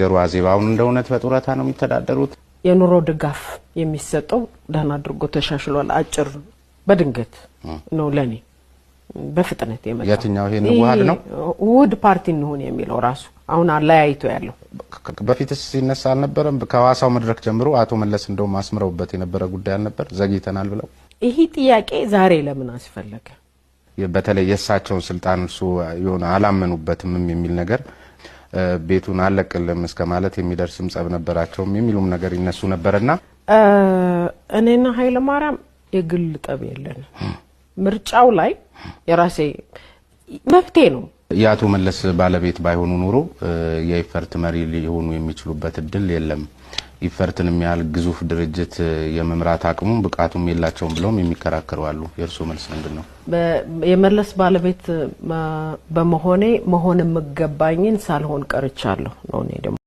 ዘሩ አዜባውን እንደ እውነት በጡረታ ነው የሚተዳደሩት። የኑሮ ድጋፍ የሚሰጠው ደህና አድርጎ ተሻሽሏል። አጭር በድንገት ነው ለእኔ በፍጥነት የመጣ የትኛው ይሄ ነው ውህድ ፓርቲ እንሆን የሚለው ራሱ አሁን አለያይቶ ያለው በፊትስ ሲነሳ አልነበረም። ከሐዋሳው መድረክ ጀምሮ አቶ መለስ እንደውም አስምረውበት የነበረ ጉዳይ አልነበር ዘግይተናል ብለው ይህ ጥያቄ ዛሬ ለምን አስፈለገ? በተለይ የእሳቸውን ስልጣን እርሱ የሆነ አላመኑበትም የሚል ነገር ቤቱን አለቅልም እስከ ማለት የሚደርስም ጸብ ነበራቸውም የሚሉም ነገር ይነሱ ነበርና እኔና ኃይለ ማርያም የግል ጠብ የለን። ምርጫው ላይ የራሴ መፍትሄ ነው። የአቶ መለስ ባለቤት ባይሆኑ ኑሮ የኢፈርት መሪ ሊሆኑ የሚችሉበት እድል የለም። ኢፈርትን የሚያህል ግዙፍ ድርጅት የመምራት አቅሙም ብቃቱም የላቸውም ብለውም የሚከራከሩ አሉ። የእርስዎ መልስ ምንድን ነው? የመለስ ባለቤት በመሆኔ መሆን የምገባኝን ሳልሆን ቀርቻለሁ ነው። እኔ ደግሞ